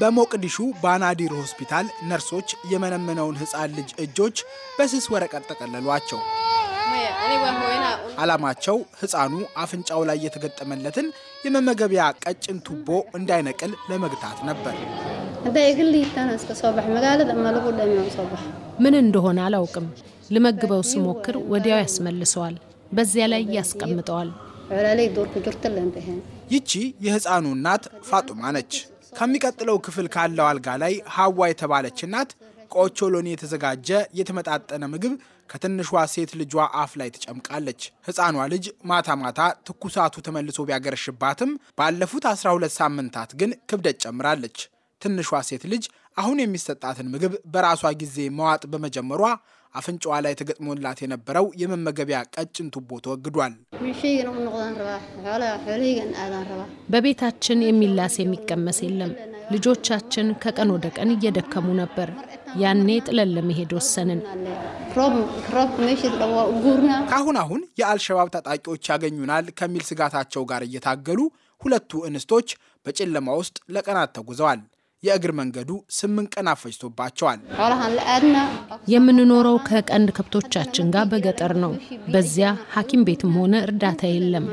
በሞቅዲሹ ባናዲር ሆስፒታል ነርሶች የመነመነውን ህፃን ልጅ እጆች በስስ ወረቀት ጠቀለሏቸው። ዓላማቸው ሕፃኑ አፍንጫው ላይ የተገጠመለትን የመመገቢያ ቀጭን ቱቦ እንዳይነቅል ለመግታት ነበር። ምን እንደሆነ አላውቅም። ልመግበው ስሞክር ወዲያው ያስመልሰዋል፣ በዚያ ላይ ያስቀምጠዋል። ይቺ የሕፃኑ እናት ፋጡማ ነች። ከሚቀጥለው ክፍል ካለው አልጋ ላይ ሀዋ የተባለች እናት ከኦቾሎኒ የተዘጋጀ የተመጣጠነ ምግብ ከትንሿ ሴት ልጇ አፍ ላይ ትጨምቃለች። ሕፃኗ ልጅ ማታ ማታ ትኩሳቱ ተመልሶ ቢያገረሽባትም ባለፉት 12 ሳምንታት ግን ክብደት ጨምራለች። ትንሿ ሴት ልጅ አሁን የሚሰጣትን ምግብ በራሷ ጊዜ መዋጥ በመጀመሯ አፍንጫዋ ላይ ተገጥሞላት የነበረው የመመገቢያ ቀጭን ቱቦ ተወግዷል። በቤታችን የሚላስ የሚቀመስ የለም። ልጆቻችን ከቀን ወደ ቀን እየደከሙ ነበር። ያኔ ጥለን ለመሄድ ወሰንን። ከአሁን አሁን የአልሸባብ ታጣቂዎች ያገኙናል ከሚል ስጋታቸው ጋር እየታገሉ ሁለቱ እንስቶች በጨለማ ውስጥ ለቀናት ተጉዘዋል። የእግር መንገዱ ስምንት ቀን አፈጅቶባቸዋል። የምንኖረው ከቀንድ ከብቶቻችን ጋር በገጠር ነው። በዚያ ሐኪም ቤትም ሆነ እርዳታ የለም።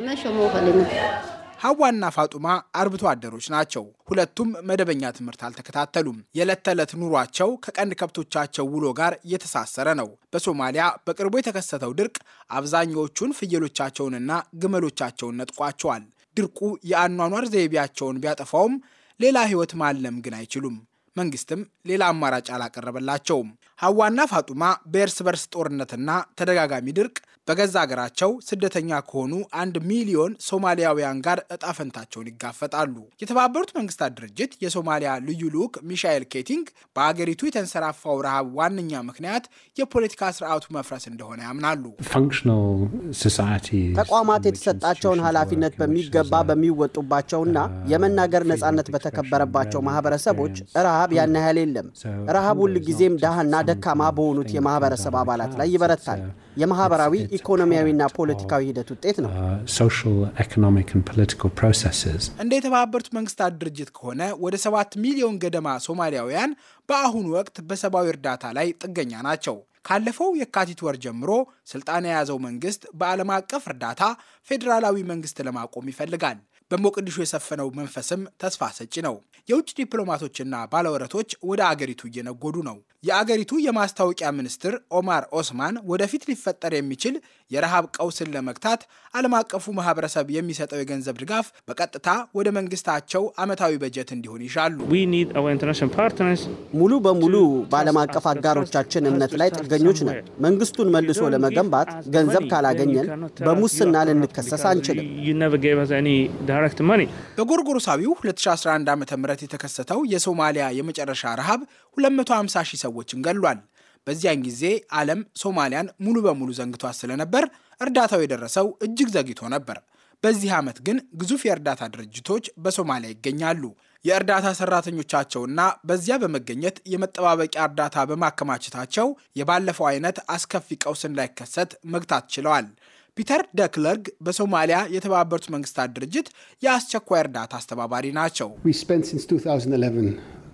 ሀዋና ፋጡማ አርብቶ አደሮች ናቸው። ሁለቱም መደበኛ ትምህርት አልተከታተሉም። የዕለት ተዕለት ኑሯቸው ከቀንድ ከብቶቻቸው ውሎ ጋር የተሳሰረ ነው። በሶማሊያ በቅርቡ የተከሰተው ድርቅ አብዛኛዎቹን ፍየሎቻቸውንና ግመሎቻቸውን ነጥቋቸዋል። ድርቁ የአኗኗር ዘይቤያቸውን ቢያጠፋውም ሌላ ህይወት ማለም ግን አይችሉም። መንግስትም ሌላ አማራጭ አላቀረበላቸውም። ሐዋና ፋጡማ በእርስ በርስ ጦርነትና ተደጋጋሚ ድርቅ በገዛ ሀገራቸው ስደተኛ ከሆኑ አንድ ሚሊዮን ሶማሊያውያን ጋር እጣፈንታቸውን ይጋፈጣሉ። የተባበሩት መንግስታት ድርጅት የሶማሊያ ልዩ ልዑክ ሚሻኤል ኬቲንግ በአገሪቱ የተንሰራፋው ረሃብ ዋነኛ ምክንያት የፖለቲካ ስርዓቱ መፍረስ እንደሆነ ያምናሉ። ተቋማት የተሰጣቸውን ኃላፊነት በሚገባ በሚወጡባቸውና uh, የመናገር ነጻነት በተከበረባቸው ማህበረሰቦች ረሃብ ያን ያህል የለም። ረሃብ ሁልጊዜም ድሃና ደካማ በሆኑት የማህበረሰብ አባላት ላይ ይበረታል። የማህበራዊ ኢኮኖሚያዊና ፖለቲካዊ ሂደት ውጤት ነው። uh, እንደ የተባበሩት መንግስታት ድርጅት ከሆነ ወደ ሰባት ሚሊዮን ገደማ ሶማሊያውያን በአሁኑ ወቅት በሰብአዊ እርዳታ ላይ ጥገኛ ናቸው። ካለፈው የካቲት ወር ጀምሮ ስልጣን የያዘው መንግስት በዓለም አቀፍ እርዳታ ፌዴራላዊ መንግስት ለማቆም ይፈልጋል። በሞቅዲሾ የሰፈነው መንፈስም ተስፋ ሰጪ ነው። የውጭ ዲፕሎማቶችና ባለወረቶች ወደ አገሪቱ እየነጎዱ ነው። የአገሪቱ የማስታወቂያ ሚኒስትር ኦማር ኦስማን ወደፊት ሊፈጠር የሚችል የረሃብ ቀውስን ለመግታት ዓለም አቀፉ ማህበረሰብ የሚሰጠው የገንዘብ ድጋፍ በቀጥታ ወደ መንግስታቸው ዓመታዊ በጀት እንዲሆን ይሻሉ። ሙሉ በሙሉ በዓለም አቀፍ አጋሮቻችን እምነት ላይ ጥገኞች ነን። መንግስቱን መልሶ ለመገንባት ገንዘብ ካላገኘን በሙስና ልንከሰስ አንችልም። በጎርጎሮሳዊው 2011 ዓ ም የተከሰተው የሶማሊያ የመጨረሻ ረሃብ 250 ሺህ ሰዎችን ገሏል። በዚያን ጊዜ ዓለም ሶማሊያን ሙሉ በሙሉ ዘንግቷት ስለነበር እርዳታው የደረሰው እጅግ ዘግይቶ ነበር። በዚህ ዓመት ግን ግዙፍ የእርዳታ ድርጅቶች በሶማሊያ ይገኛሉ። የእርዳታ ሰራተኞቻቸውና በዚያ በመገኘት የመጠባበቂያ እርዳታ በማከማቸታቸው የባለፈው አይነት አስከፊ ቀውስ እንዳይከሰት መግታት ችለዋል። ፒተር ደክለርግ በሶማሊያ የተባበሩት መንግስታት ድርጅት የአስቸኳይ እርዳታ አስተባባሪ ናቸው።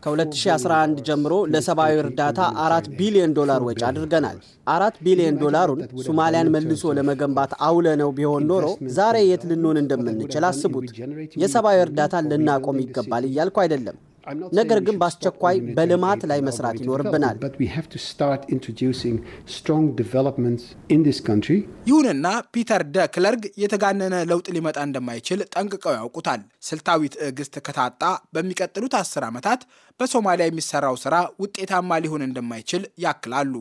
ከ2011 ጀምሮ ለሰብአዊ እርዳታ አራት ቢሊዮን ዶላር ወጪ አድርገናል። አራት ቢሊዮን ዶላሩን ሶማሊያን መልሶ ለመገንባት አውለነው ቢሆን ኖሮ ዛሬ የት ልንሆን እንደምንችል አስቡት። የሰብአዊ እርዳታን ልናቆም ይገባል እያልኩ አይደለም። ነገር ግን በአስቸኳይ በልማት ላይ መስራት ይኖርብናል። ይሁንና ፒተር ደ ክለርግ የተጋነነ ለውጥ ሊመጣ እንደማይችል ጠንቅቀው ያውቁታል። ስልታዊ ትዕግስት ከታጣ በሚቀጥሉት አስር ዓመታት በሶማሊያ የሚሰራው ስራ ውጤታማ ሊሆን እንደማይችል ያክላሉ።